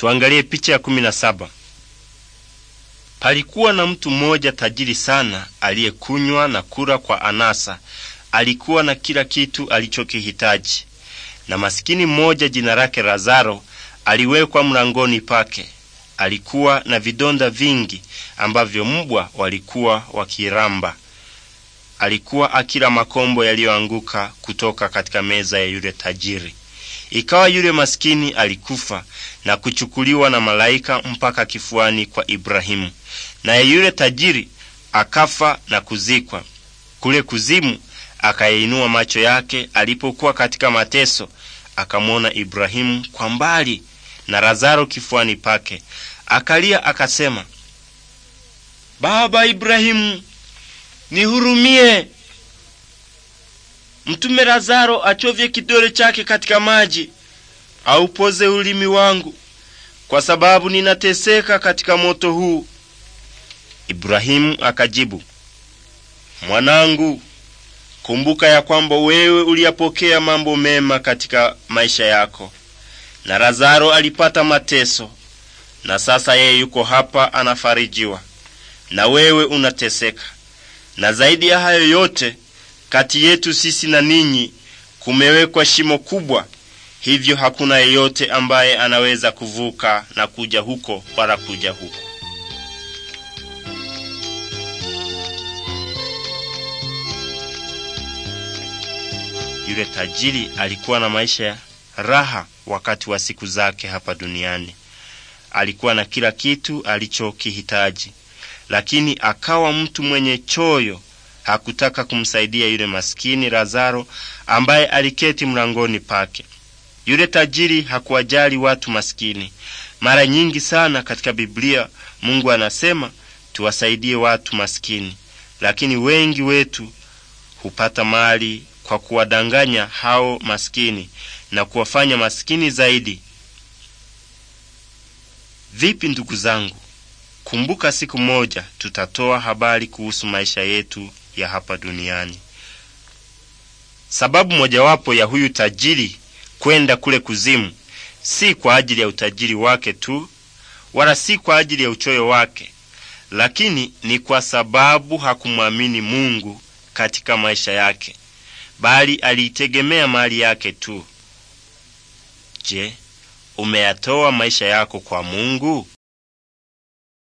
Tuangalie picha ya kumi na saba. Palikuwa na mtu mmoja tajiri sana aliyekunywa na kula kwa anasa. Alikuwa na kila kitu alichokihitaji. Na masikini mmoja jina lake Lazaro aliwekwa mlangoni pake. Alikuwa na vidonda vingi ambavyo mbwa walikuwa wakiramba. Alikuwa akila makombo yaliyoanguka kutoka katika meza ya yule tajiri. Ikawa yule maskini alikufa na kuchukuliwa na malaika mpaka kifuani kwa Ibrahimu, naye yule tajiri akafa na kuzikwa. Kule kuzimu akayainua macho yake alipokuwa katika mateso, akamwona Ibrahimu kwa mbali na Lazaro kifuani pake. Akalia akasema, Baba Ibrahimu, nihurumie, mtume Lazaro achovye kidole chake katika maji, aupoze ulimi wangu, kwa sababu ninateseka katika moto huu. Ibrahimu akajibu, mwanangu, kumbuka ya kwamba wewe uliyapokea mambo mema katika maisha yako, na Lazaro alipata mateso, na sasa yeye yuko hapa anafarijiwa, na wewe unateseka. Na zaidi ya hayo yote kati yetu sisi na ninyi kumewekwa shimo kubwa, hivyo hakuna yeyote ambaye anaweza kuvuka na kuja huko wala kuja huko. Yule tajiri alikuwa na maisha ya raha wakati wa siku zake hapa duniani. Alikuwa na kila kitu alichokihitaji, lakini akawa mtu mwenye choyo hakutaka kumsaidia yule maskini Lazaro ambaye aliketi mlangoni pake. Yule tajiri hakuwajali watu maskini. Mara nyingi sana katika Biblia Mungu anasema tuwasaidie watu maskini, lakini wengi wetu hupata mali kwa kuwadanganya hao maskini na kuwafanya maskini zaidi. Vipi ndugu zangu? Kumbuka siku moja tutatoa habari kuhusu maisha yetu ya hapa duniani. Sababu mojawapo ya huyu tajiri kwenda kule kuzimu si kwa ajili ya utajiri wake tu, wala si kwa ajili ya uchoyo wake, lakini ni kwa sababu hakumwamini Mungu katika maisha yake, bali aliitegemea mali yake tu. Je, umeyatoa maisha yako kwa Mungu?